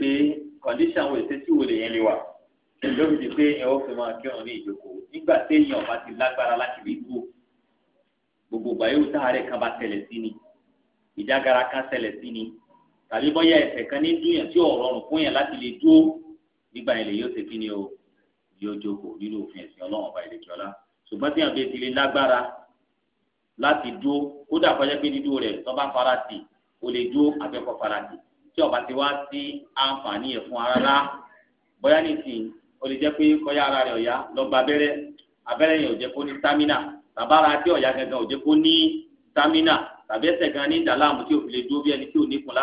pé kọ̀ǹdíṣàn wo ètè tí wo lè yẹn lè wà lórí ti pé ẹ ó fi máa kírun ní ìjókòó nígbà téèyàn bá ti lágbára láti lè gbó gbogbo ìgbà yóò tá àárẹ̀ kan bá tẹ̀lẹ̀ sí ni ìjágara kan tẹ̀lẹ̀ sí ni tàbí bọ́yá ẹsẹ̀ kan ní dúnyàn tí ò rọrùn fún yàn láti lè dúró nígbà yẹn lè yóò ṣe kí ni o yóò jókòó nínú òfin ẹ̀sìn ọlọ́run ọba ìlẹ̀kẹ́ ọlá ṣùgbọ́n tí àgbẹ̀ ti lè lágbára láti dúró kódà kọjá pé dídúró rẹ̀ tó bá farati o lè dúró àfẹ́kọ̀ farati tí ọba ti wá sí àǹfààní yẹn fún ara rá bóyá nìsín o lè jẹ́ pé kọ́yá ara rẹ̀ ọ̀yá lọ gba abẹ́rẹ́ abẹ́rẹ́ yẹn ò jẹ́ kó ní stamina tàbára tí ọ̀yá gangan ò jẹ́ kó ní stamina tàbí ẹsẹ̀ gan ní ìdàlámù tí òfin lè dúró bí ẹni tí ò ní kun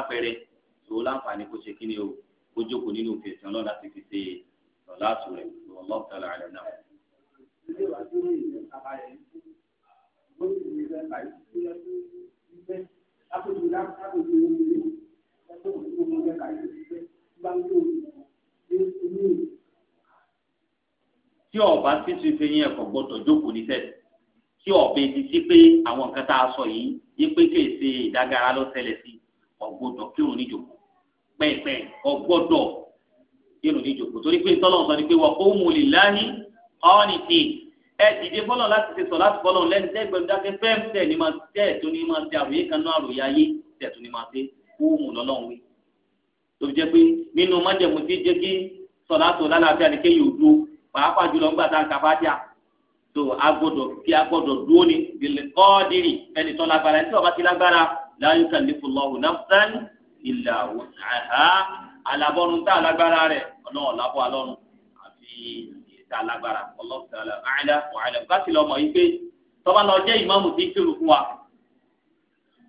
tó láǹfààní kó ṣe kí ni o kó jókòó nínú òfin ìsìn ọlọ́run fi ṣe ọ̀lá àtúrẹ̀ ọlọ́ọ̀tàlá rẹ̀ náà kó o tó mọ lẹ́ka yìí ṣe bá ń lò ní inú tí ọba títí fi yín ẹ̀kọ́ gbọ́dọ̀ jókòó ní tí ọba ti sí pé àwọn nǹkan tá a sọ yìí yí pé kì í ṣe ìdágara ló ṣẹlẹ̀ sí ọgbọ́dọ̀ kírun níjòkó pẹ́ẹ́pẹ́ ọgbọ́dọ̀ kírun níjòkó torí pé tọ́lọ́run sọ ni pé wa qumu lillahi qanitin ẹ dìde fọlọ láti ṣe sọ láti fọlọ lẹni lẹgbẹrún dákẹ́ fẹm tẹ ní ma tẹ tó ní ma tẹ àròyé kan náà àròyé ayé tẹ tó ní ma tẹ mafhum lọ́lọ́run wí tó fi jẹ́ pé nínú májẹ̀mú tí jẹ́ kí sọ̀látò lálàáfíà ni kéèyàn dúró pàápàá jùlọ ńgbà tá a kà fájà tó a gbọ́dọ̀ kí a gbọ́dọ̀ dúró ni bìlẹ̀ kọ́ọ̀dìrì ẹni tó lágbára ẹni tí ọba ti lágbára la yukallifu Allahu nafsan illa wus'aha alábọ́nu tá a lágbára rẹ̀ ọlọ́run lábọ́ alọ́run àfi tá a lágbára ọlọ́run tá a lágbára àìlá wàhálà kásìlọ́mọ yìí pé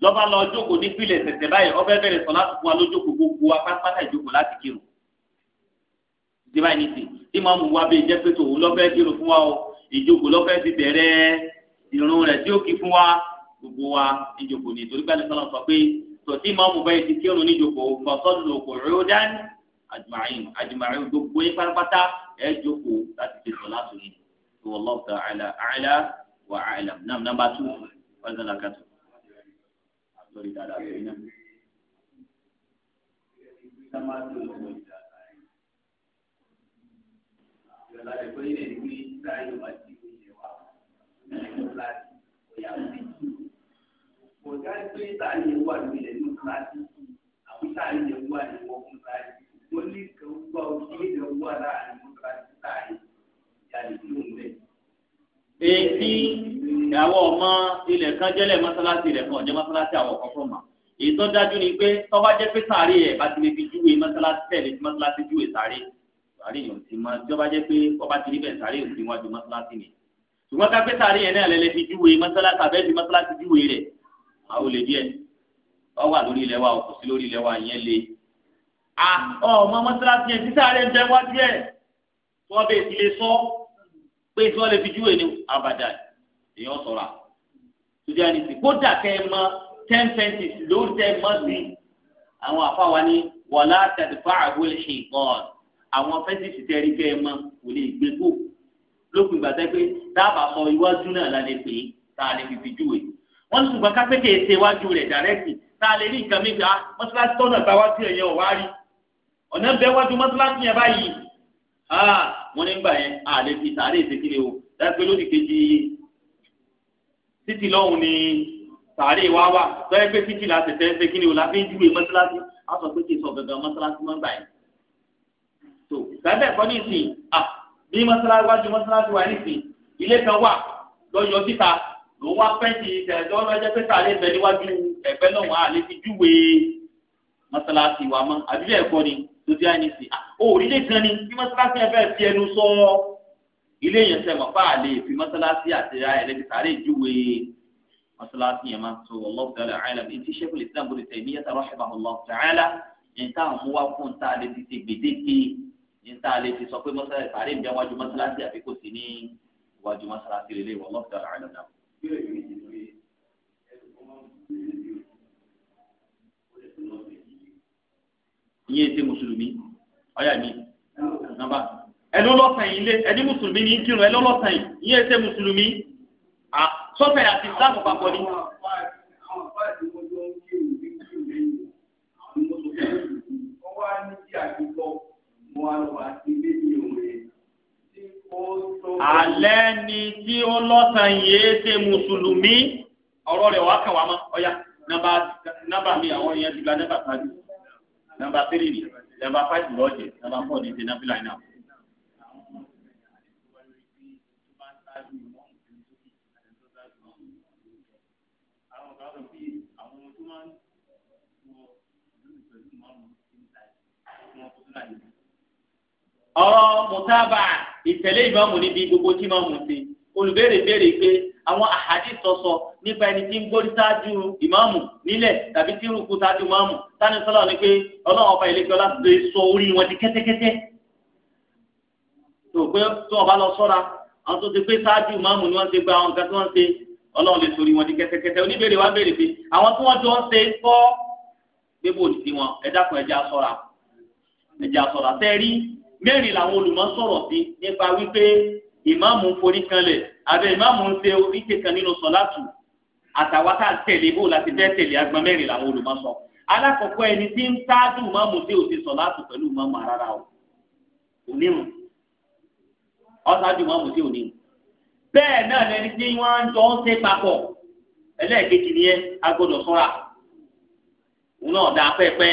lọ́ba lọ jókòó ní pílẹ̀ tẹ̀tẹ̀ báyìí ọbẹ̀ bẹ̀rẹ̀ sọ láti fún wa lójókòó gbogbo wa pátápátá ìjókòó láti kírun. ìdíbà yìí ti tí màá mú wa bẹ́ẹ̀ jẹ́ pé tòun lọ́fẹ́ kírun fún wa o ìjókòó lọ́fẹ́ ti bẹ̀rẹ̀ ìrun rẹ̀ tí ó kí fún wa gbogbo wa níjókòó ni torí gbàlẹ́ sọ́nà sọ pé tòtí màá mú báyìí ti kírun níjókòó fọ́sọ́dún kò rí lórí dáadáa lórí náà. sámáàtì ló mọ ìjà láàyè. ìjọba rẹ̀ pé ilé ní kí sáyọ̀ bá ti kú ṣe wà nínú kíláàsì òyà sí. kò já pé sáyẹ̀ wà ní ilẹ̀ nínú kíláàsì àwọn sáyẹ̀ wà ní wọ́n fún kíláàsì. mo ní kí wọ́n gbọ́ ojú ìjọba wà láàrin fún kíláàsì sáyẹ̀ ìyá lè dúró mẹ́ta èyí àwọn ọmọ ilẹ̀ kan jẹ́lẹ̀ mọ́sálásí rẹ̀ kan ọ̀jẹ́ mọ́sálásí àwọn ọ̀kan fún ma èyí tó dájú ni pé tọ́ba jẹ́ pé sàárè ẹ̀ bá ti lè fi júwe mọ́sálásí tẹ̀lé tí mọ́sálásí júwe sàárè sàárè yòó ti mọ tí ọba jẹ́ pé ọba ti rí bẹ́ẹ̀ sàárè yòó ti wá ju mọ́sálásí ni ṣùgbọ́n ká pé sàárè yẹn náà lẹ́lẹ́ fi júwe mọ́sálásí àbẹ́ fi mọ́sálásí júwe rẹ̀ àwọn olè díẹ̀ ọ wà lórí ilẹ̀ wa kò sí lórí ilẹ̀ wa ìyẹn le ọmọ mọ́sálásí yẹn tí sàárè ń wájú ẹ̀ wọ́n bẹ̀ ti lè sọ pé tí wọ́n lè fi júwe ni abàdà èèyàn sọ̀ra tòdì ànísì kódà kẹ́ ẹ mọ ten fences lórí tẹ́ ẹ mọ sí àwọn àfáwa ní wàlá tẹ̀sífà àgbélé ṣe ìgbọ́n àwọn fences tẹ́ ẹ rí kẹ́ ẹ mọ kò lè gbé kó lópin ìgbà tẹ́ pé dábàá sọ iwájú náà la lè pè é tá a lè fi fi júwe wọ́n ní ṣùgbọ́n kápẹ́kẹ́ ètè iwájú rẹ̀ dàrẹ́kì tá a lè rí nǹkan méjì á ah, mọ́tíláṣí tọ́nà gbáwájú ẹ̀yẹ ọ̀wá rí ọ̀nà bẹ́ẹ̀ wájú mọ́tíláṣí yẹn báyìí Ah, wọ́n ní gbà yẹn àlè fi sàárè ìsèkìlẹ̀ o dápẹ́ lórí kejì títì lọ́hùn ni sàárè wa wà lọ́yẹ́ pé títì la tẹ̀tẹ̀ ìsèkìlẹ̀ o la fi ń júwe mọ́sálásí a sọ pé kì í sọ gangan mọ́sálásí mọ́ gbà yẹn. tó sábẹ́ kọ́ ní ìsìn à bí mọ́sálásí wájú mọ́sálásí wà ní ìsìn ilé kan wà lọ́yọ̀ síta ló wá pẹ́ǹtì ìtẹ̀jọ́ lọ́jọ́ pé sàárè bẹ níwájú ẹ̀gbẹ́ náà wà àlè fi júwe mọ́sálásí wa mọ́ àbí bẹ́ẹ̀ kọ́ ni lójú àìníṣì ó ilé gan ni bí mọ́sálásí ẹ fẹ́ fi ẹnu sọ ilé yẹn tẹ mọ̀ fáà lè fi mọ́sálásí àti ẹlẹ́gbẹ̀sáré ìjúwe mọ́sálásí yẹn máa tó wallahu ta'ala a'lam ètí sẹ́kùn lè dáàbò lè tẹ̀mí yẹn rahimahullahu ta'ala ní tá à ń mú wá fún tá a lè fi ṣe gbèdéke ní tá a lè fi sọ ìyẹn ti mùsùlùmí ọ̀yà mi nàbà ẹni ọlọ́sàn yìí lé ẹni mùsùlùmí ní kírun ẹni ọlọ́sàn yìí ìyẹn ti mùsùlùmí sọ́fẹ̀ àti ìsìlámù papọ̀ ni. Alẹ́ ni tí ó lọ́sàn yìí ṣe mùsùlùmí ọ̀rọ̀ rẹ̀ wá kàn wá mọ́ ọ̀yà nàbà mi àwọn èèyàn ti gba nàbà sáájú nọ́mbà tírì ni nọ́mbà fáìsì lọ́ọ̀jẹ̀ nọ́mbà fọ́ọ̀ ní ti náfìlà náà. ọ̀rọ̀ mùtábà ìtẹ̀lé ìmáàmù níbi gbogbo tí máa mú sí olùbéèrè béèrè pé àwọn àhàdí sọsọ nípa ẹni tí ń gbórí sáájú ìmáàmù nílẹ̀ tàbí tí rúkú sáájú ìmáàmù sani sọlá ni pé ọlọ́run ọba ìlẹ́kẹ́ ọlá lè sọ orí wọn di kẹ́tẹ́kẹ́tẹ́ tó pé tó ọba lọ sọ́ra àwọn tó ti pé sáájú ìmáàmù ni wọ́n ti gba àwọn nǹkan tí wọ́n ṣe ọlọ́run lè sori wọn di kẹ́tẹ́kẹ́tẹ́ oníbèrè wa béèrè pé àwọn tí wọ́n jọ ń ṣe fọ́ gbégbó òdìdí wọn ẹ dákun ẹja sọ́ra ẹja sọ́ra ìmáàmù forí kanlẹ̀ abẹ́ ìmáàmù ń ṣe oríṣi kan nínú sọ̀látù àtàwọn tá à ń tẹ̀lé bó láti bẹ́ẹ̀ tẹ̀lé agbọn mẹ́rin làwọn olùmọ̀sọ. alákọ̀ọ́kọ́ ẹni tí ń tájú ìmáàmù tí ò ti sọ̀látù pẹ̀lú ìmáàmù rárá o onírun ọ̀tájú ìmáàmù tí ò ní. bẹ́ẹ̀ náà lẹni tí wọ́n ń jọ ń ṣe papọ̀ ẹlẹ́ẹ̀kejì ni ẹ agbọ́dọ̀ sọ́ra òun náà dáa pẹ́ẹ́pẹ́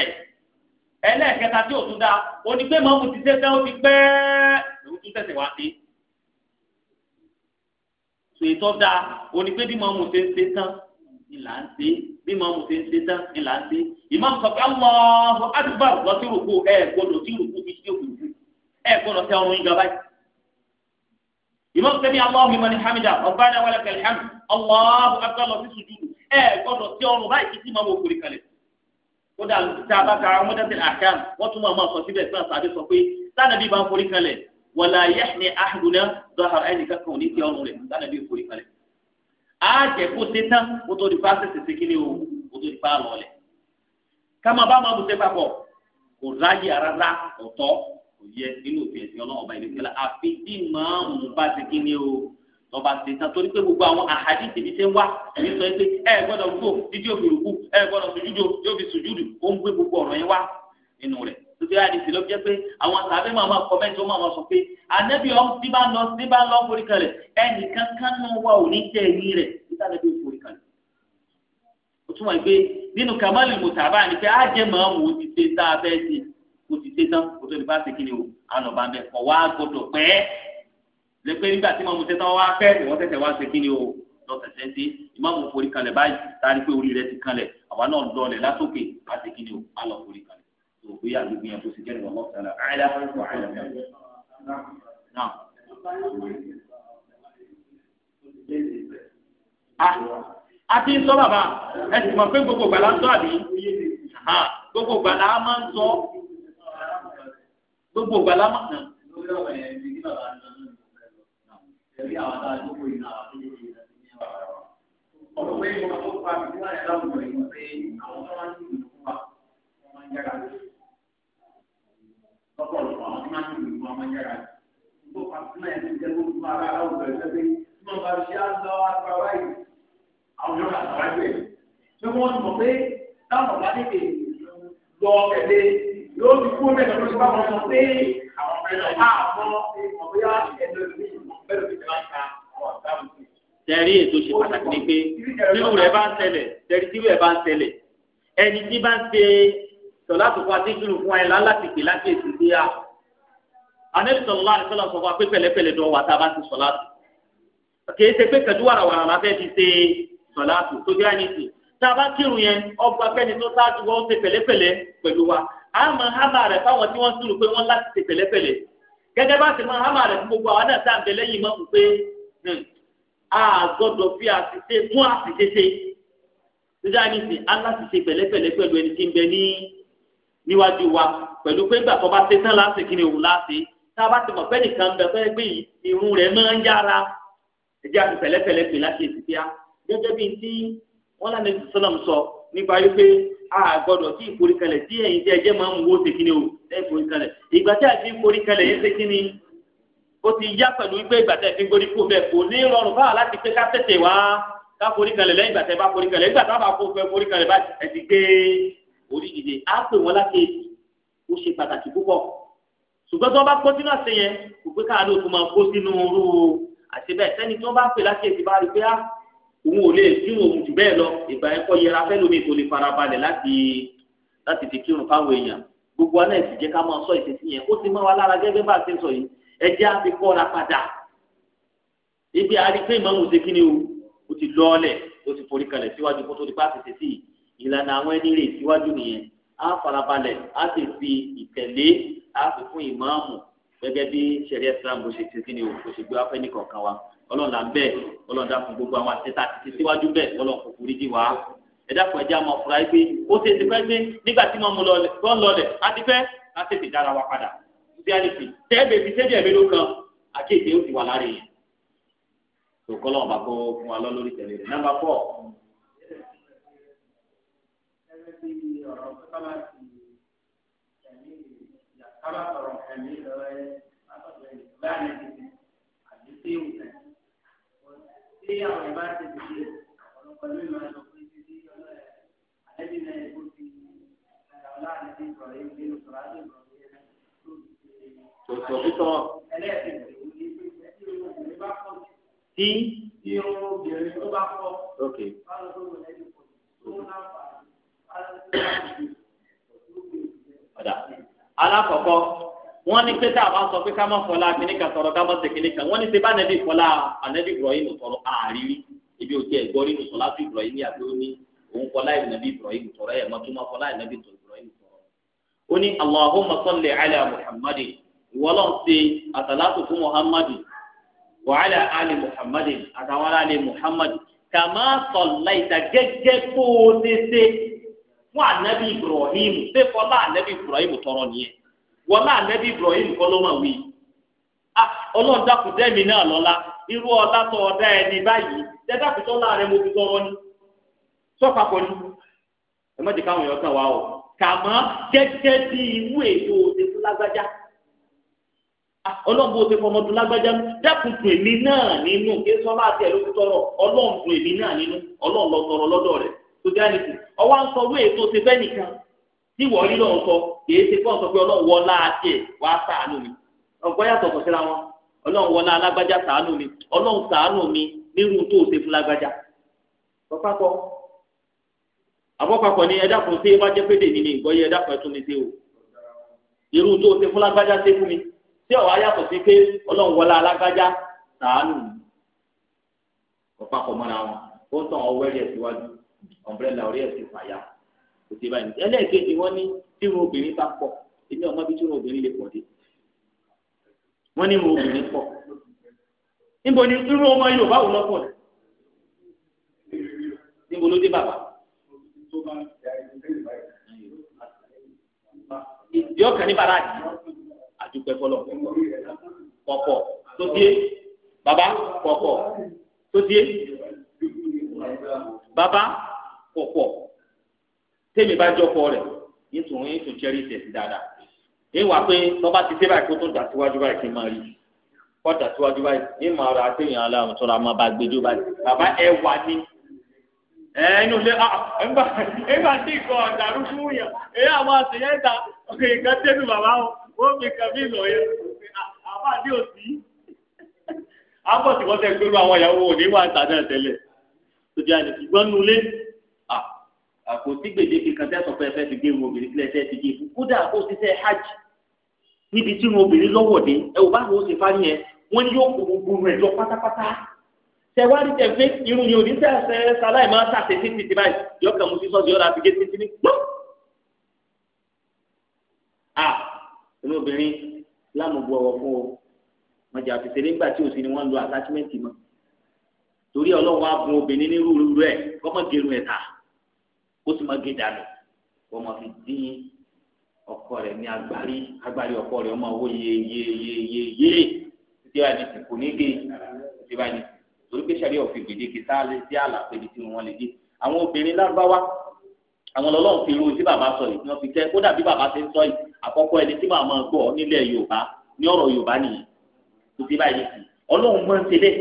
ẹlẹ́ẹ̀kẹta tí ò tún dáa onígbé mọ́mù ti ṣe fẹ́ ó ti pẹ́ẹ́ lòún tún tẹ̀sẹ̀ wá sí i so ètò dáa òní pé bí màá mú ṣe ń ṣe tán ni là ń ṣe bí màá mú ṣe ń ṣe tán ni là ń ṣe ìmáàmù sọ pé Allahu akbar lọ sí rògbò ẹ gbọdọ̀ sí rògbò ti ṣe òkú ẹ gbọdọ̀ tẹ ọrùn ìjọba yìí ìmáàmù sẹ́mi Allahu liman hamida rabbana wa lakal hamd Allahu akbar lọ sí sùjúdù ẹ gbọdọ̀ tẹ ọrùn báyìí títí máa wọ òkúri kalẹ̀ kódà tá a bá ka ọmọdé tẹ àkàm wọ́n tún máa máa sọ síbẹ̀ sí àṣà sọ pé sáà wala yahni ahaduna zahara ẹnì kankan ò ní ti ọrùn rẹ̀ sanabi ìforí kalẹ̀ a jẹ kó ṣe tán kó tó di pa ṣe ṣe kíni o kó tó di pa lọ lẹ kama bá máa bu ṣe papọ̀ kò ráyè rárá kò tọ́ kò yẹ nínú òfin ẹ̀sìn ọlọ́run ọba ìlẹ̀kẹ́ la àfi tí màámu bá ṣe kíni o lọba ṣe tán torí pé gbogbo àwọn àhàdí tèmi ṣe ń wá èmi sọ pé ẹ gbọ́dọ̀ gbó títí òfin òkú ẹ gbọ́dọ̀ sùjúdò yóò fi sùjúdù ó ń gbé gbogbo ọ̀rọ̀ yẹn wá nínú rẹ̀ tóbi àdìsí ló jẹ́ pé àwọn sàbẹ̀ máa máa kọ́mẹ́ntì ó máa máa sọ pé ànábì ọ̀hún tí bá ń lọ tí bá ń lọ forí kalẹ̀ ẹnì kankan náà wà ò ní jẹ́ ẹ̀yìn rẹ̀ níta lẹ́bi forí kalẹ̀. ó túmọ̀ pé nínú kamali mùtàbá ni pé á jẹ́ màá mú ti ṣe tá a fẹ́ ṣe kó ti ṣe tán kó tó lè bá ṣe kí ni o ànàbà bẹ̀ kọ̀ wá gbọdọ̀ pẹ́ lẹ́pẹ́ nígbà tí màmú ṣe tán wá pẹ́ ìwọ́n tẹ̀sẹ̀ wá ṣe kí ni o lọ́sẹ̀sẹ̀ sí ìmáàmù forí kalẹ̀ báyìí tá a rí pé orí rẹ̀ ti kalẹ̀ àwa náà lọlẹ̀ látòkè á ṣe kí ni o á lọ forí kalẹ̀ tó o bóyá àlùkò yẹn kó sì jẹ́ ìwọ̀n mọ́tò náà àìlá wà áìlá mẹ́rin náà. a ti ń sọ bàbá ẹ sì mọ̀ pé gbogbo gbàlá ń sọ àbí gbogbo gbàlá máa ń sọ gbogbo gbàlá máa ń sọ. àmàjára tó pàtínà ẹ̀ ń jẹ́ gbogbo ara àwùjọ ìṣẹ́pẹ́ tí wọ́n bá ṣe àlọ́ àgbà wáyé àwùjọ àgbà wáyé tí wọ́n mọ̀ pé táwọn bá dé lọ tẹ̀lé yóò ti kú mẹ́ta lórí bá wọn sọ pé àwọn mẹ́ta máa mọ́ ìmọ̀ bóyá ẹ̀dọ́ ìlú bẹ́ẹ̀ lórí ìlànà tẹ̀rí ètò ṣe pàtàkì ni pé tíru rẹ̀ bá ń ṣẹlẹ̀ tẹ̀rí tíru rẹ̀ bá ń ṣẹlẹ̀ ẹni tí bá ń ṣe sọ̀lá tó fa tíṣùrù fún ẹ láláti láti èsì sí a anabi sallallahu alaihi wasallam sọ fún wa pé pẹ̀lẹ́pẹ̀lẹ́ dọ wa tá a bá ti sọláàtù kìí ṣe pé kẹdú warawara la fẹẹ ti ṣe sọláàtù tó dé àyè sí tá a bá kírun yẹn ọgbà fẹni tó ṣáájú wọn ṣe pẹ̀lẹ́pẹ̀lẹ́ pẹ̀lú wa àmọ́ hama rẹ fáwọn tí wọn túrú pé wọn láti ṣe pẹ̀lẹ́pẹ̀lẹ́ gẹ́gẹ́ bá ti mọ hama rẹ fún gbogbo àwọn náà tá à ń bẹ lẹ́yìn mọ pé hmm, a gbọ́dọ̀ fi àṣìṣe fún àṣìṣe ṣe tó dé àyè sí ṣe pẹ̀lẹ́pẹ̀lẹ́ pẹ̀lú ẹni tí ń bẹ ní níwájú wa pẹ̀lú pé gbàtọ́ bá ṣe tán láti kí ni òun láti tá a bá ti mọ̀ pé nìkan ń bẹ fẹ́ gbé irun rẹ̀ máa ń yára ẹ̀jẹ̀ àti pẹ̀lẹ́pẹ̀lẹ́ pè láti èsì bíá gẹ́gẹ́ bí ti wọ́n lánàá ti sọ́nà sọ nípa wípé a gbọ́dọ̀ tí ìforíkalẹ̀ tí ẹ̀yin tí ẹjẹ́ máa ń wo ṣe kíni o ẹ̀ ìforíkalẹ̀ ìgbà tí a ti ìforíkalẹ̀ yẹn ṣe kíni ó ti yá pẹ̀lú wípé ìgbà tí a ti gbórí kó bẹ́ẹ̀ kò ní rọrùn fáwọn láti pé ká tètè wá ká foríkalẹ̀ lẹ́yìn ìgbà tí a bá foríkalẹ̀ ìgbà tí a bá kó fẹ́ foríkalẹ̀ bá ẹ̀ ti gbé orí ìdè á pè wọ́n láti ó ṣe pàtàkì púpọ̀ ṣùgbọ́n tí wọ́n bá kó sínú àṣẹ yẹn kò pé káàdó tó máa kó sínú orú àṣẹ bẹ́ẹ̀ sẹ́ni tí wọ́n bá pè láti èsì bá rí pé ah, òun ò lè kírun òun jù bẹ́ẹ̀ lọ ìgbà yẹn kọ́ yẹra fẹ́ lómi tó lè farabalẹ̀ láti láti fi kírun fáwọn èèyàn gbogbo wa náà sì jẹ́ ká máa sọ ìṣesí yẹn ó ti mọ́ wa lára gẹ́gẹ́ bá a ti sọ yìí ẹ jẹ́ á fi kọ́ra padà ibi àrífẹ́ ìmọ̀ọ́mù ṣe kí ni o ó ti lọ́ọ́lẹ̀ ó ti forí kalẹ̀ síwájú kó tó di bá ṣe sí ìlànà àwọn ẹni rè síwájú nìyẹn a farabalẹ̀ a sì fi ìtẹ̀lé á fi fún ìmáàmù gẹ́gẹ́ bí sẹ̀ríà Islam bó ṣe ti kí ni o ṣe gbé wá fẹ́ nìkọ̀ọ̀kan wa ọlọ́run là ń bẹ̀ ọlọ́run dákun gbogbo àwọn àtẹ́tà ti síwájú bẹ̀ ọlọ́run kò forí jì wá ẹ̀dá kan ẹ̀jẹ̀ àmọ́ fúra pé ó ṣe ti fẹ́ pé nígbà tí wọ́n mú lọ lọ́n lọlẹ̀ á ti fẹ́ á tètè dára wa padà bí a lè fi tẹ́ẹ̀bẹ̀ fi sẹ́jẹ̀ mi ló kan àkéèké ó ti wà lára yẹn tó kọ́ lọ́wọ́ bá kó sábà ti ẹ̀mí ìyá sábà sọ̀rọ̀ ẹ̀mí lọ́wọ́ ẹ̀ látọ̀dọ̀ ẹ̀ láàrin ìdíje àbí tí ìwù ẹ̀. tí àwọn ìbá ti dìde ọ̀pọ̀lọpọ̀ mi máa lọ pé títí ọlọ́ ẹ̀ àlẹ́bí náà ẹ̀ kó ti ẹ̀rọ láàrin ti sọ̀rọ̀ ẹ̀ gbé sọ̀rọ̀ àti ìrọ̀lẹ́ ẹ̀ tó ti ṣe. tòtò tí tí obìnrin tó bá kọ́. ok. báwo ló wọlé ní kò tó ń náà fà á ọ̀dà alákọ̀ọ́kọ́ wọ́n ní pé tá a bá sọ pé ká má fọlá kìnnìkan sọ̀rọ̀ ká má ṣe kìnnìkan wọ́n ní ṣe bá nẹ́bí fọlá ànẹ́bí Ibrahim sọ̀rọ̀ àárírí ibi òkè ẹ̀gbọ́n nínú sọ̀lá tó Ibrahim àti ó òun fọlá ìnàbí Ibrahim sọ̀rọ̀ ẹ̀ mọ́tò má fọlá ìnàbí tó Ibrahim sọ̀rọ̀ ó ní Allahumma salli ala Muhammadin ìwọ́lọ́ ṣe àtàlátò fún Muhammadin wa ali Muhammadin àtàwọn alẹ́ Muhammadin kàmá sọ̀lá gẹ́gẹ́ kó o ṣe ṣe fún anabi ibrahim ṣé fọlá ànábì ibrahim tọrọ nìyẹn e. ànábì ibrahim kọ́ ló wí ah, náà irú ọlá tó ọdá báyìí tó mo fi tọrọ ni ẹ má jẹ́ káwọn èèyàn kàn wá o kàmọ́ gẹ́gẹ́ bí irú èdè òde fún lágbájá ah, ọlọ́run bó ṣe fọmọ tó lágbájá sójálìtì ọwọ́ à ń sọ wíwèé tó ti fẹ́ nìkan tí wọ́n rí lọ́wọ́ sọ kìí ṣe fọ́ọ̀sọ pé ọlọ́run wọlá wá sàánú mi yàtọ̀ síra wọn alágbájá sàánú mi mi tó o ṣe fún lágbájá. ni ẹ̀dá kan ṣe é pédè mi ni ìgbọ́yé ẹ̀dá kan tún o irú tó o ṣe fún lágbájá ṣe fún mi tí ọ̀wá yàtọ̀ sí pé alágbájá sàánú mi mọ́ra wọn ó tàn ọwọ́ ọ̀mbrẹ́là orí ẹ̀ ti fàyà kò sí báyìí ẹlẹ́ẹ̀kejì wọ́n ní tí irun obìnrin bá pọ̀ èmi ọmọ bíi tí irun obìnrin lè pọ̀ dé wọ́n ní irun obìnrin pọ̀ níbo ni irun ọmọ Yorùbá wò lọ́pọ̀ rẹ̀ níbo ló dé bàbá. ìdí ọkàn ní bàrà àdìyẹ àdúgbò ẹfọ lọ kọkọ tó dé bàbá kọkọ tó dé bàbá pọ̀pọ̀ tèmi bá jọpọ̀ rẹ̀ nítorí ètò jẹ́rìí tẹ̀sí dáadáa èyí wà pé tọ́ba ti dé báyìí kó tó dà síwájú báyìí kí n máa rí i kọ́ dà síwájú báyìí ní màá ra àtẹ̀yìn aláwọ̀ tọ́ra máa bá gbẹjọ́ báyìí bàbá ẹ wà ní ẹnu lé ẹgbà ah, ẹgbà tí ìkọ ọ̀dàrú fún yẹn èyí àwọn àṣeyẹ ta ọkọ ìkan tẹ́lu bàbá wọn wọ́n fi kàmí ìlọ yẹn àbá àdé òsì àbọ̀tìwọ́tẹ̀ gbẹrú àwọn ìyàwó òní wà ń tà náà tẹ́lẹ̀ tó àpò tí gbèdéke kan tẹ́sán fẹ́ fẹ́ ti gbé irun obìnrin sílẹ̀ tẹ́ ti gbé fún kódà kó ti sẹ́ hajj níbi tí irun obìnrin lọ́wọ́ dé ẹ ò bá lọ ṣe fárí yẹn wọ́n ní yóò kó gbogbo rẹ̀ lọ pátápátá tẹwárí tẹ pé irun yìí ò ní sẹ́sẹ́ sáláì máa tàṣe sí ti báyìí yọkàn mú sí sọ́ọ̀dì ọ̀rọ̀ àti gé títí ní gbọ́. a irun obìnrin lámùbọ̀ ọ̀wọ̀ fún o wọn jà fìṣeré tí kó sì má gé dànù kó má fi dín ọkọ rẹ̀ ní agbárí agbárí ọkọ rẹ̀ ọmọ owó yé yé yé yé yé títí wáyé ní tìkú nígé títí wáyé ní torí pé sàrí òfin gbèdéke sáálé sí àlàfo ibi tí wọn lè dé àwọn obìnrin lárúbáwá àwọn lọ́lọ́run fi irú tí bàbá sọ yìí wọ́n fi kẹ́ kó dàbí bàbá ti ń sọ yìí àkọ́kọ́ ẹni tí màá máa gbọ́ nílẹ̀ yorùbá ní ọ̀rọ̀ yorùbá nìyí tó ti báyìí sí ọlọ́run máa ń ṣe bẹ́ẹ̀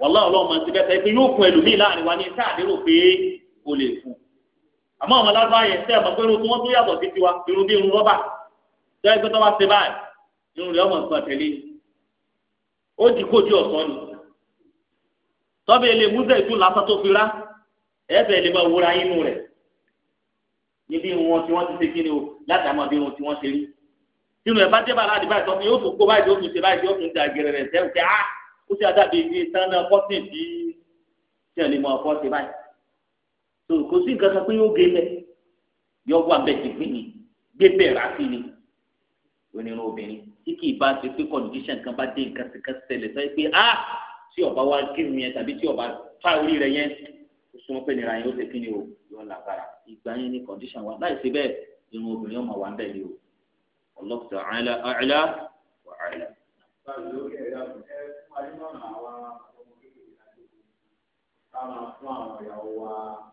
wọ́lá ọlọ́run máa ń ṣe bẹ́ẹ̀ fẹ́ pé yóò fún ẹlòmíì láàrin wa ní sáà lérò pé o lè fún àmọ́ àwọn alágbá yẹn tẹ́ ọmọ pé irun tí wọ́n tún yàtọ̀ sí tiwa irun bí irun rọ́bà tó ẹgbẹ́ tó bá ṣe báyìí irun rẹ̀ ọmọ nǹkan tẹ̀lé ó di kójú ọ̀sán ni tọ́bi ilé múzẹ̀ ìtú lásán tó fi rá ẹ̀ẹ́fẹ̀ lè máa wúra inú rẹ̀ níbi irun wọn tí wọ́n ti ṣe kí ni o láti àmọ́ bí irun tí wọ́n ṣe rí tinu ẹ̀ bá dé bàrà àdìbà ìtọ́ fún yóò tún kó báyìí yóò tún ṣe báyìí yóò so kò sí nǹkan kan pé yóò gé lẹ yọ wà bẹ́ẹ̀ ti gbìn ní gbé bẹ́ẹ̀ rà sí ni onírun obìnrin tí kì í bá ṣe pé condition kan bá dé nǹkan kan ṣẹlẹ̀ sọ pé a ah! tí ọba wa kírun yẹn tàbí tí ọba fa orí rẹ̀ yẹn kò súnmọ́ pé nira yẹn ó ṣe kí ni o yóò lágbára ìgbà yẹn ni condition wa láì ṣe bẹ́ẹ̀ irun obìnrin ọmọ wa ń bẹ ni o ọlọ́pàá àìlá àìlá wà àìlá. Ká máa fún àwọn ìyàwó wa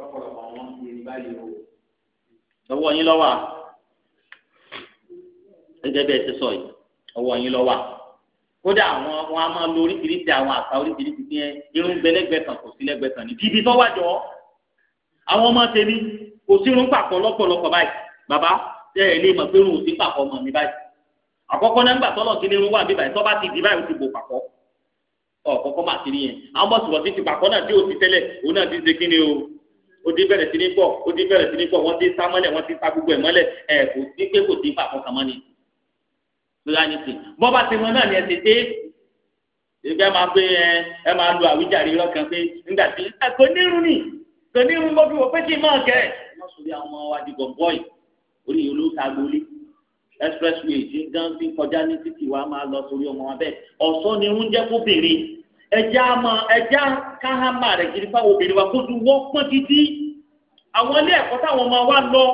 lọ́pọ̀lọpọ̀ wọn ti rí báyìí o. ọwọ́ yín lọ́wọ́ gẹ́gẹ́ bí ẹ ti sọ yìí ọwọ́ yín lọ́wọ́ kódà àwọn wọn a máa lo oríṣiríṣi àwọn àṣà oríṣiríṣi fi hàn irun gbẹlẹgbẹ kan kò sí lẹgbẹ kan ní bíbí tó wájọ àwọn ọmọ tèmi kò sí irun pàpọ̀ lọ́pọ̀lọpọ̀ báyìí bàbá tẹ ẹ lè mọ̀ pé irun ò sí pàpọ̀ mọ mi báyìí àkọ́kọ́ náà ń gbà tọlọ kí ni irun wà bíbáyìí tó bá ti di báyìí ó ti bò pàpọ̀ ọ kọ́kọ́ máa ti nìyẹn àwọn bọ́sùbọ̀sì ti pàpọ̀ náà tí ò tẹ́lẹ̀ òun náà ti ṣe kí ni o odi bẹ̀rẹ̀ sí ní pọ̀ odi bẹ̀rẹ̀ sí ní pọ̀ wọ́n ti sá mọ́lẹ̀ wọ́n ti sá gbogbo ẹ̀ mọ́lẹ̀ ẹ̀ kò sí pé kò sí ipa kankan mọ́ ni lóra ní ti bọ́ba ti mọ náà ni ẹ ti dé ìgbà máa gbé ẹ ẹ máa lo àwíjàre lọ́kàn pé nígbà tí kò ní irun ni kò ní irun mọ́bí wò pé kí n máa kẹ́ ẹ̀ wọ́n sọ bí àwọn adigun bọ́ọ̀ì orí ìlú tagolé expressway ti gán ti kọjá ní títì wa máa lọ sórí ọmọ wa bẹ́ẹ̀ ọ̀sán ni irun jẹ́ kó bèrè ẹja àmọ́ ẹja káhámà rẹ kiri fáwọn obìnrin wa kó ju wọn pọn títí àwọn ilé ẹ̀kọ́ táwọn ọmọ wa lọ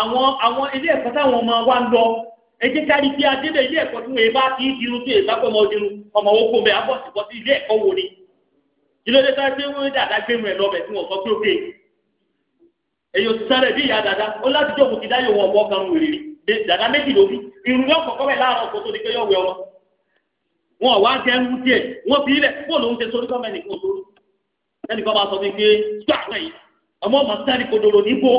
àwọn àwọn ilé ẹ̀kọ́ táwọn ọmọ wa lọ ẹjẹ kárí bí adébẹ ilé ẹ̀kọ́ dirun ọmọ dirun ọmọ owó kó sí ilé ẹ̀kọ́ ni ilé sáré pé dàda gbé mu dada ó láti jókòó ti dáyọ wọn ọmọ kan wèrè wọn ò wá jẹun díẹ̀ wọn fi ilẹ̀ bó lòun ṣe sórí gọ́ọ̀mẹ̀ntì kò lórí ẹnì kan bá sọ fún mi pé gbà wẹ̀yìn ọmọ ọmọ sẹ́ni kodoro níbo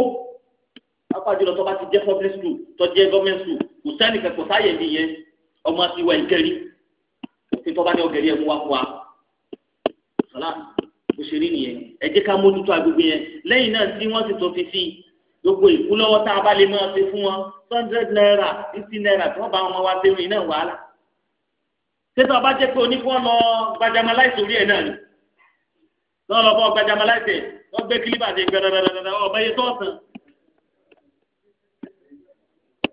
apájú tó bá ti jẹ́ public school tó jẹ́ government school kò sẹ́ni kẹ́kọ̀ọ́ sáyẹ̀ mi yẹn ọmọ ti wẹ̀ nkẹ́rí òfin tó bá ní ọgẹ̀rí ẹ̀ mú wá fún wa sọlá bó ṣe rí nìyẹn ẹ jẹ́ ká mójútó agbègbè yẹn lẹ́yìn náà tí wọ́n ti tó fi sí gbogbo ìkúlọ́wọ́ tá a bá lè máa ṣe fún wọn hundred naira fifty naira tí wọ́n bá wọn wá sí tẹ́tọ́ ọba jẹ́ pé onífọ́ lọ gbajàmọ́ láìsí orí ẹ̀ náà ni lọ́wọ́ lọ́wọ́ gbajàmọ́ láìsí ẹ̀ wọ́n gbé kílíbà sí gbẹdẹdẹdẹdẹ ọba yẹ tọ́sán.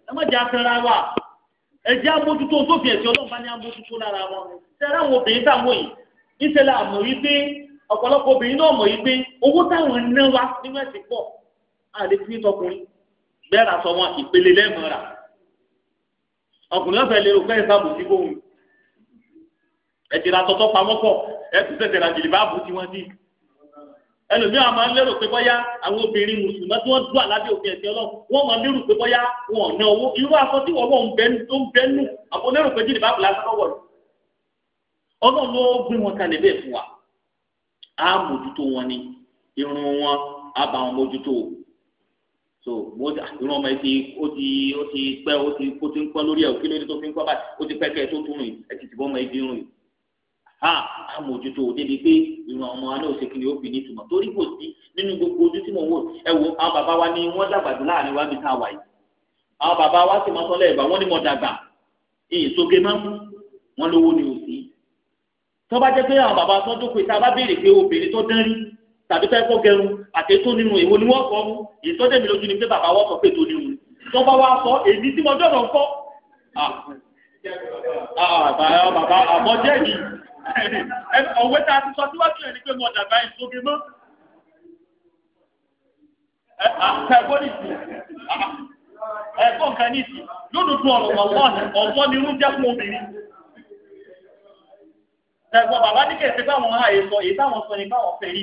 ẹ má jẹ́ afẹ́ra wa ẹ jẹ́ amójútó sófin ẹ̀sìn ọlọ́ọ̀bá ní amójútó lára wọn. sẹ́rẹ́ àwọn obìnrin táwọn yìí níṣẹ́ la mọ̀ yìí pé ọ̀pọ̀lọpọ̀ obìnrin náà mọ̀ yìí pé owó táwọn ń ná wa nínú ẹ̀sìn pọ̀ àlè fi tọkùnrin bẹ́ẹ̀ ra sọ wọn ìpele lẹ́ẹ̀mọ́ra ọkùnrin ọ̀fẹ́ lè rò fẹ́ẹ́ sábò sí bóun ẹtì ra tọtọ pamọ́ pọ̀ ẹtì sẹsẹ ra jìlì báàbù tí wọn dì ẹlòmíì àwọn máa ń lérò pé bóyá àwọn obìnrin mùsùlùmá tí wọn dùn àlábẹ òfin ẹsẹ Ọlọ́run wọn máa ń lérò pé bóyá wọn ná owó irú aṣọ tí wọn wọ ń bẹnu tó ń bẹnu àbọ lérò pé jìlì báàbù lásán lọ́wọ́ rẹ Ọlọ́run ló gbé wọn kalẹ̀ bẹ́ẹ̀ fún wa á mójútó wọn ni irun wọn á bá wọn mójútó so mo irun ọmọ ẹ ti ó ti ó ti pẹ́ ó ti ó ti ń pẹ́ lórí ẹ òkè lórí tó fi ń pẹ́ báyìí ó ti pẹ́ kẹ ẹ tó tún rìn ẹ ti tìbọn ọmọ ẹ di rìn a mójútó o débi pé ìrun àwọn ọmọ wa náà ṣe kí ni ó fi ní ìtumọ̀ torí kò sí nínú gbogbo ojú tí mò ń wò ẹ wo àwọn bàbá wa ni wọ́n dàgbà jù láàrin wa bí tá a wà yìí àwọn bàbá wa sì máa sọlẹ̀ ìgbà wọ́n ní mo dàgbà èyí sókè máa ń mú wọn lówó ni ò sí. tó bá jẹ́ pé àwọn bàbá tó dókòó ìta bá béèrè pé obìnrin tó dán rí tàbí fẹ́ kó gẹrun àti tó nínú èwo ni wọ́n kọ́ mú èyí tó dẹ̀mí lójú ni pé bàbá wọ́n sọ pé tó nínú tó bá wá sọ èyí tí mo dọ̀dọ̀ ń kọ́. bàbá àbọ̀jẹ́ ọ̀wẹ́ tá a ti sọ síwájú ẹ̀ ni pé mo dàgbà ìsóbi mọ́. ẹ̀gbọ́n nìsí ẹ̀gbọ́n kan nìsí lódodo ọ̀rọ̀ ọ̀wọ́n ọ̀wọ́n ni irú jẹ́ fún obìnrin. ẹ̀gbọ́n bàbá ní kẹ̀sì báwọn àyè sọ èyí táwọn sọ ni báwọn fẹ́ rí.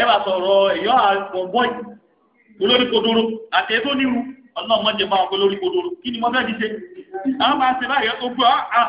ẹ bá sọ̀rọ̀ èèyàn àgbọ̀ngbọ̀n yìí olórí kodoro àti ètò onírú ọlọ́mọdé máa ń pẹ́ lórí kodoro kí ni mo fẹ́ fi ṣe. àwọn máa ṣe báyìí ó gbọ́ ah, ah,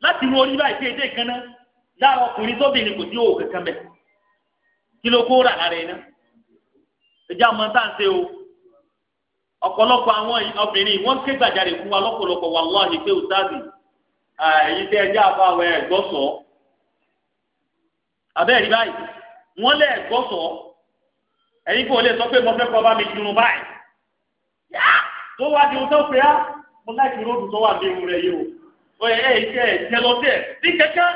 láti inú orí báyìí déédéé kan náà lára ọkùnrin tóbìnrin kò sí òwò kankan bẹ̀ kí ló kó rà lára náà ìjà ọmọ tá à ń ṣe o ọ̀pọ̀lọpọ̀ àwọn obìnrin wọ́n ké gbàjarè fún wa lọ́pọ̀lọpọ̀ wàláhì pé èyí báyìí wọ́n kò báyìí tó wá di ohun tó á mo wà ẹ ẹ ẹ jẹ lọ sí ẹ ní kẹkẹ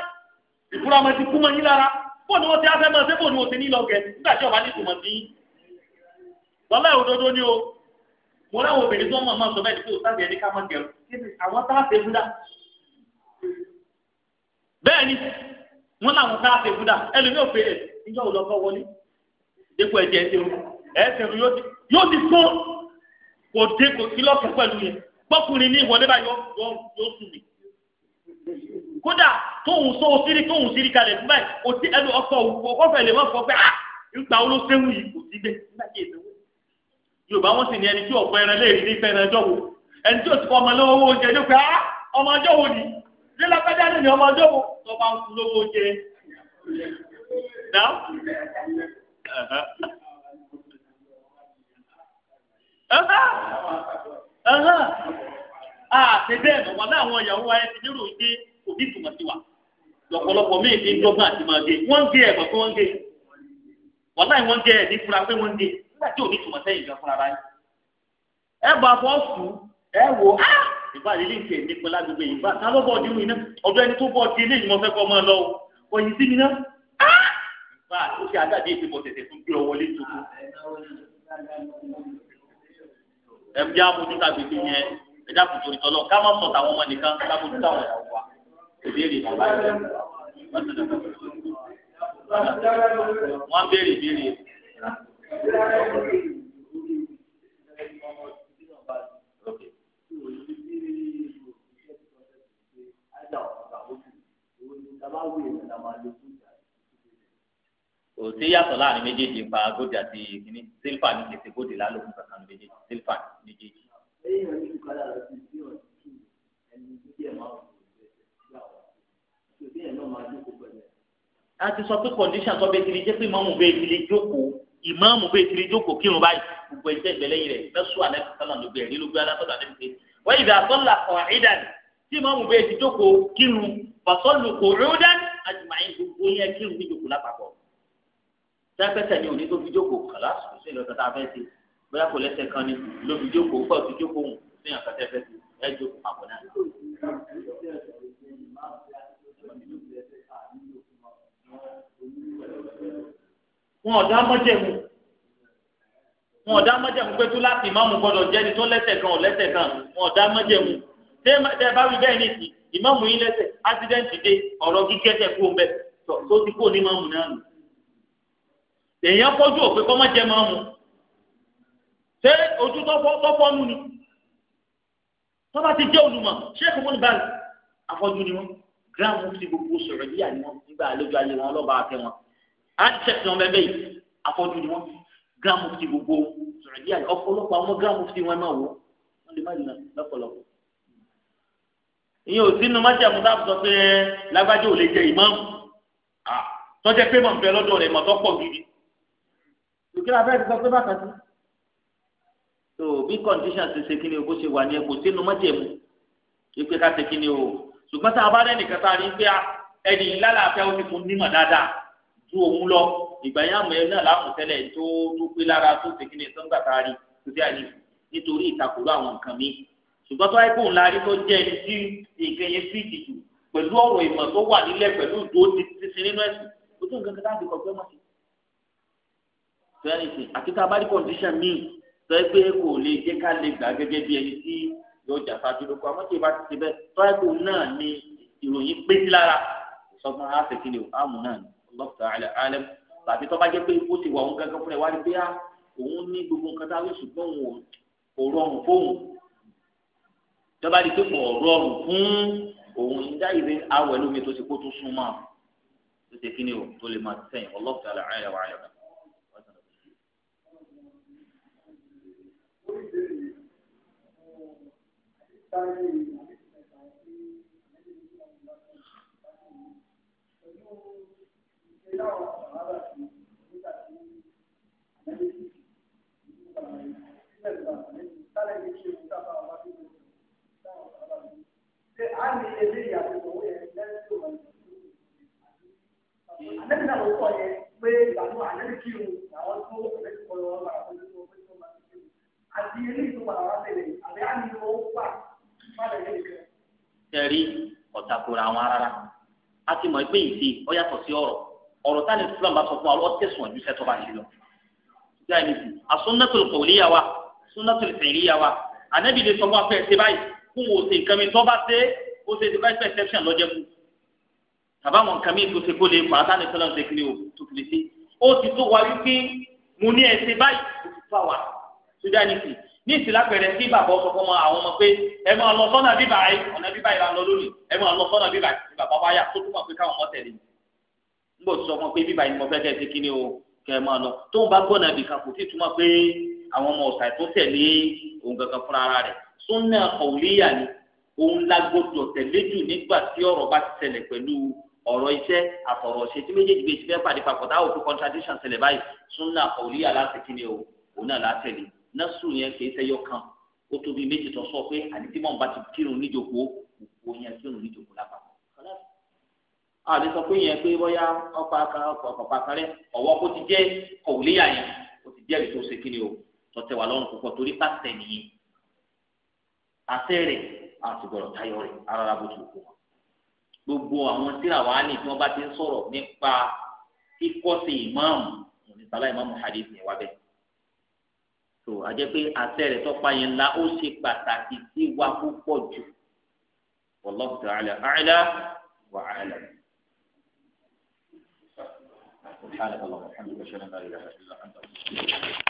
ìfúra ọmọ ti kú mọ yín lára fóònù wọn ti afẹ mọ sí fóònù wọn ti ní lọ gẹ nígbà tí ọba ní ìtumọ̀ sí. wàhálà òdodo ni o mo láwọn obìnrin tó ń mọ̀ máa sọ bẹ́ẹ̀ ni pé òtáàbí ẹni ká máa gẹ̀rù àwọn tá a ṣe fúdà. bẹ́ẹ̀ ni wọ́n láwọn tá a ṣe fúdà ẹlòmíì òfin rẹ̀ eh, níjọ́ ò lọ fọ́ wọlé dépò ẹ̀jẹ̀ ẹ̀ṣẹ̀ ẹ̀ṣẹ̀ yóò ti kó kò dé kò sí lọ́kẹ̀ pẹ̀lú yẹn gbọ́kùnrin ní ìwọlé báyọ̀ kódà tóun sọ òsírí tóun sírí kalẹ̀ fún báyìí òtí ẹnu ọkọ̀ òwúwo kọfẹ̀ lè má fọ pé ah ìgbà wo ló séwu yìí kò sí gbé yorùbá wọn sì ní ẹni tí ọ̀pọ̀ ẹran lè rí ní ìfẹ́ ẹran ọjọ́ wo ẹni tí òsìkò ọmọ lọ́wọ́ owó oúnjẹ ló pé ah ọmọ ọjọ́ wo ni lílá pẹ́jà ní ọmọ ọjọ́ wo tó bá ń fún lówó oúnjẹ náà ẹ̀hán ẹ̀hán àti ah, bẹ́ẹ̀ lọ wà láwọn ìyàwó wa ẹni nírò pé kò ní ìtumọ̀ sí wa lọ́pọ̀lọpọ̀ míì ti ń dọ́gbọ́n àti máa gé wọ́n ń gé ẹ̀gbọ́n pé wọ́n ń gé wọ́n láì wọ́n ń gé ẹ̀dí fúnra pé wọ́n ń gé nígbà tí ò ní ìtumọ̀ sẹ́yìn gan fúnra rárá ẹ bá fọ́ sùn ẹ wò á ìbá lílé ìfẹ́ nípa lágbègbè ìbá ta ló bọ̀ ọdún iná ọdún ẹni tó bọ̀ ọdún ilé ìmọ̀ fẹ́ kọ́ ọmọ lọ ọyìn sí mi ná ah! ìbá ó ṣe àdáde ìfẹ́ bọ̀ tẹ̀tẹ̀ fún gbé ọwọ́ lé tuntun ẹ̀mí àmójútó àgbègbè yẹn ẹ dákun torí tọ́lọ́ ká má sọ táwọn ọmọ nìkan ká bójú táwọn ìyàwó wa ìbéèrè bàbá yẹn wọ́n béèrè béèrè. òtí yàtọ̀ láàrin méjèèjì pa góòdì àti kìíní sílfà ní kìsì góòdì lálòkùn kankan méjèèjì sílfà méjèèjì téèyàn ní ìkọ́lá rẹ̀ ti tí ò tù ẹni tó díẹ̀ máa wù ú téèyàn náà máa jókòó pẹ̀lú ẹ̀. a ti sọ pé kọ̀ǹdíṣàn tó bẹ́ẹ̀ kiri jẹ́ pé ìmáàmù bẹ́ẹ̀ kiri jókòó ìmáàmù bẹ́ẹ̀ kiri jókòó kírun báyìí gbogbo ẹ̀jẹ̀ ìgbẹ́lẹ́yìn rẹ̀ mẹ́sùn àlẹ́kùn sálà ló bẹ̀rẹ̀ ló gbé alátọ́dọ̀ àdébùté wọ́n ìdá sọ́là kan ìdá tí ìmáàmù bẹ́ẹ̀ ti jókòó kírun fàṣọ́lù kò rúdán àjùmáyìn gbogbo yẹn kírun ní jókòó lápapọ̀ sẹ́pẹ́sẹ̀ ni òní tó fi jókòó kàlá sùn sí bóyá kò lẹ́sẹ̀ kan ni lóbi jókòó pọ̀ tó jókòó hùn ní àkàtà ẹ̀fẹ́ tó ẹ jókòó papọ̀ náà. wọn ọ̀dà mọ́jẹ̀mú wọn ọ̀dà mọ́jẹ̀mú pé tó láti ìmáàmù gbọ́dọ̀ jẹ́ni tó lẹ́sẹ̀ kan ò lẹ́sẹ̀ kan wọn ọ̀dà mọ́jẹ̀mú tẹ́ bá wí bẹ́ẹ̀ ní ìsì ìmáàmù yín lẹ́sẹ̀ ásídẹ́ǹtì dé ọ̀rọ̀ kíkẹ́sẹ̀ kú ọ̀bẹ tó ti kó ní máàmù náà nù. èèyàn kọjú òpè kọ́mọ́jẹ́ ṣé ojú tó fọ́nù ni tó bá ti jẹ́ olùmọ̀ ṣé kò mọ́ ní báyìí afọ́jú ni wọ́n gíráàmù ti gbogbo sọ̀rọ̀ yíyà ni wọ́n nígbà lójú ayé wọn ọlọ́ba àtẹ wọn àdìsẹ́kì wọn bẹ́ẹ̀ bẹ́ẹ̀ afọ́jú ni wọ́n gíráàmù ti gbogbo sọ̀rọ̀ yíyà ọ̀pọ̀lọpọ̀ àwọn gíráàmù ti wọn náà wọ wọ́n lè má dìnnà lọ́pọ̀lọpọ̀ ìyẹn ò sínú májàmú tá a sọ pé lágbájá ò lè jẹ ìmáàmù tọ́jẹ́ pé mọ̀ ń bẹ lọ́dọ̀ rẹ̀ mọ̀ tó pọ̀ gidi. ìkíra bẹ́ẹ̀ ti sọ pé bàtà sí so bí condition ti ṣe kíni o bó ṣe wà ní ẹ̀kọ́ sínú mọ́jẹ̀mú ìpè ká ṣe kíni o ṣùgbọ́n tá a bá rẹ́nì kẹta rí pé ah, ẹni lálàáfíà ó ti fún nímọ̀ dáadáa ju òun lọ ìgbà yẹn àmọ́ ẹ náà láàmú tẹ́lẹ̀ tó tó pé lára tó ṣe kíni tó ń gbà tá a rí tó dé àyè nítorí ìtakùrọ̀ àwọn nǹkan mi ṣùgbọ́n tó wáyé kóun láàrí tó jẹ́ ẹni tí nǹkan yẹn fi ìdìjú pẹ̀lú ọ̀rọ̀ ìmọ̀ tó wà nílẹ̀ pẹ̀lú ìdó títí nínú ẹ̀sìn ó tó nǹkan kan láti kọ̀ọ̀kan mọ̀ sí. fẹ́ẹ́nìtì àti tá a bá rí kọ̀ǹdíṣàn míì sọgbẹ kò lè jẹ ká lè gbà gẹ́gẹ́ bí ẹni tí yóò jà fájú lóko àwọn tí ìbá ti ti bẹ tọ́ẹ̀kù náà ni ìròyìn pé sí lára sọgbọn á fẹ́ kí ni o á mú náà ni lọ́kùtà alẹ́ alẹ́ tàbí tọ́ bá jẹ́ pé ó ti wà òun gángan fúnra ẹ̀ wá rí bí ah, òun ní gbogbo nǹkan tá a lè ṣùgbọ́n òun kò rọrùn fóun tọ́ba di pé kò rọrùn fún òun ní dáìrè awẹ́ lómi tó ti kó tó súnmọ́ tó ṣe kí ni o tó lè máa sẹ́yìn ọlọ́kùtà alẹ́ alẹ́ wà yọ̀ àti ilé ìtumọ̀ àwọn àtẹ̀lẹ̀ àbí àmì ìwọ̀n wà tẹ̀rí ọ̀tàkùrọ̀ àwọn arára a ti mọ̀ pé ìṣe ọ yàtọ̀ sí ọ̀rọ̀ ọ̀rọ̀ táni islam bá sọ fún wa ọ tẹ̀sùn ọ̀jú sẹ́tọ́ bá ṣe lọ. jáde sí asúnnátul kọ̀wéyà wa súnnátul fẹ̀ríyà wa ànábì lè sọ fún wa pé ẹsẹ̀ báyìí fún wo ṣe nǹkan mi tó bá ṣe ó ṣe ti báyìí perception lọ́jẹ́ mu. tàbá wọn nǹkan tó ṣe kó lè pa táni sọlá ní ìsìlápẹ̀rẹ̀ kí bàbá ọkọ̀ fọmọ àwọn ọmọ pé ẹ máa lọ sọ́nà bíbà ẹ ọ̀nà bíbà ìlànà lónìí ẹ máa lọ sọ́nà bíbà ní bàbá wa yà tó túmọ̀ pé káwọn ọmọ tẹ̀lé ní. nígbà tó sọ fún pé bíbà ìmọ̀ fẹ́kẹ́ ti kíni o kẹ ẹ máa lọ tó ń bá gbọ́nà bìkà kò tí túmọ̀ pé àwọn ọmọ ọ̀sà tó tẹ̀lé òun gangan fúnra ara rẹ̀ súnà kọ̀wéyà ni òun la gbọdọ̀ tẹ̀lé jù nígbà tí ọ̀rọ̀ bá ti ṣẹlẹ̀ pẹ̀lú ọ̀rọ̀ iṣẹ́ àtọ̀rọ̀ ṣe tí méjèèjì bíi ti fẹ́ pàdé papọ̀ táwọn òfin contradiction ṣẹlẹ̀ báyìí súnà kọ̀wéyà o òun náà látẹ̀lé násù yẹn kì í ṣe yọkan ó tóbi méjì tó sọ pé àní tí mọ̀nba ti kírun níjòkó òkú yẹn kírun níjòkó lápapọ̀ àti sọ pé yẹn pé bóyá ọkọ̀ akan ọkọ̀ ọkọ̀ akan rẹ ọ̀wọ́ kó ti jẹ́ kọ̀wéléyà yẹn ó ti jẹ́rìí tó ṣe kí ni o tọ́tẹ̀ wà lọ́rùn púpọ̀ torí pàṣẹ nìyẹn àṣẹ rẹ̀ àti gbọ́dọ̀ tayọ rẹ̀ arára bó ti kú wọn. gbogbo àwọn tíra wa ní tí wọ́n bá ti ń sọ̀rọ̀ nípa kíkọ́ sí ìmáàmù òní sálá ìmáàmù hadith yẹn wá bẹ́ẹ̀ tó àjẹ pé àṣẹ rẹ̀ tọ́pa yẹn la ó ṣe pàtàkì sí wa púpọ̀ jù wallahu ta'ala a'la wa a'lam. سبحانك اللهم وبحمدك اشهد ان لا اله الا انت